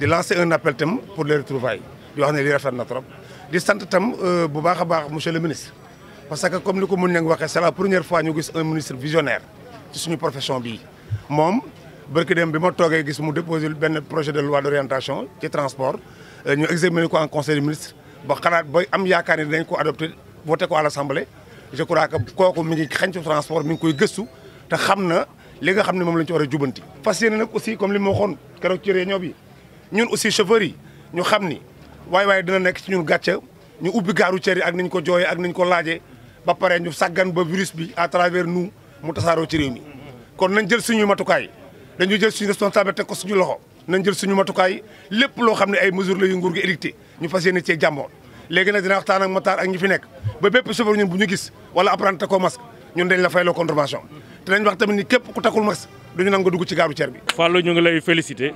de lancer un appel tam pour les retrouvailles di wax ne li rafet na trop di sant tam euh, bu baax a monsieur le ministre parce que comme ni ko mun nañ waxee c'est la première fois ñu gis un ministre visionnaire ci suñu profession bii moom barki dem bi ma toogee gis mu déposé benn projet de loi d'orientation des transports, euh, ñu examiner ko en conseil des ministres ba xalaat ba am yaakaar ni ko adopté voté ko à l'assemblée je crois que kooku mi ngi xencu transport mi ngi koy gëstu te xam na li nga xam ne moom la ñu ci war a jubanti fas yéene aussi comme li ma waxoon keroog ci réunion bi ñun aussi chauffeurs yi ñu xam ni waaye waaye dina nekk ci ñun gàcce ñu ubbi gaaru cër yi ak niñ ko jooye ak niñ ko laajee ba pare ñu sàggan ba virus bi à travers nu mu tasaaroo ci réew mi. kon nañ jël suñu matukaay dañu jël suñu te ko suñu loxo nañ jël suñu matukaay lépp loo xam ne ay mesures la yu nguur gi édicté ñu fas yéene cee jàmboon léegi nag dina waxtaan ak Matar ak ñi fi nekk ba bépp chauffeur ñun bu ñu gis wala apprenti ko masque ñun dañ la fa la contravention wax tamit ni képp ku takkul masque duñu nangu dugg ci gaaru bi. Fallou ñu ngi lay félicité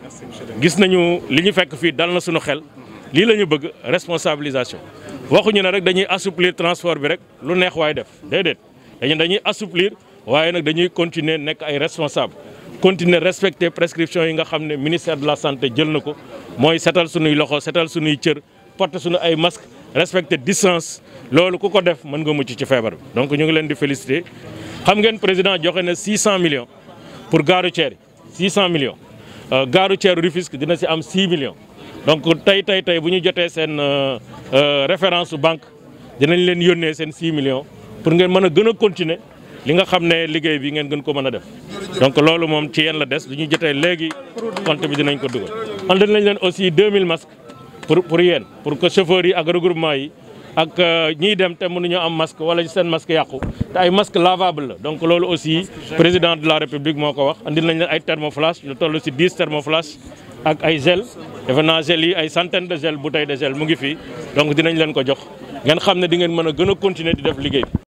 gis nañu li ñu fekk fii dal na suñu xel lii la ñu bëgg responsabilisation waxuñu ne rek dañuy assouplir transport bi rek lu neex waaye def déedéet dañuy assouplir waaye nag dañuy continuer nekk ay responsable continuer respecter prescription yi nga xam ne ministère de la santé jël na ko mooy setal sunuy loxo setal suñuy cër porter suñu ay masque respecter distance loolu ku ko def mën nga mucc ci feebar bi donc ñu ngi leen di félicité xam ngeen président joxe na 600 millions. pour gare Cher, 600 millions euh, gare Cher, Rufisque dina 6 millions donc si vous avez une ñu jotee euh, euh, référence banque dinañ allez 6 millions pour que vous a continuer li nga xam ne bi ngeen gën ko mën donc loolu moom ci la des du Nous jotee compte aussi 2000 masques pour pour pour que chauffeurs yi les regroupement yi. ak eh, ñi dem té mënuñu am masque wala ci sen masque yaqku té ay masque lavable donc lolu aussi président de la république moko wax andil nañ ay thermoflash ñu tollu ci 10 thermoflash ak ay gel defena gel yi ay centaine de gel bouteille de gel mu ngi fi donc dinañ leen ko jox ngeen xamne di ngeen mëna gëna continuer di def liguey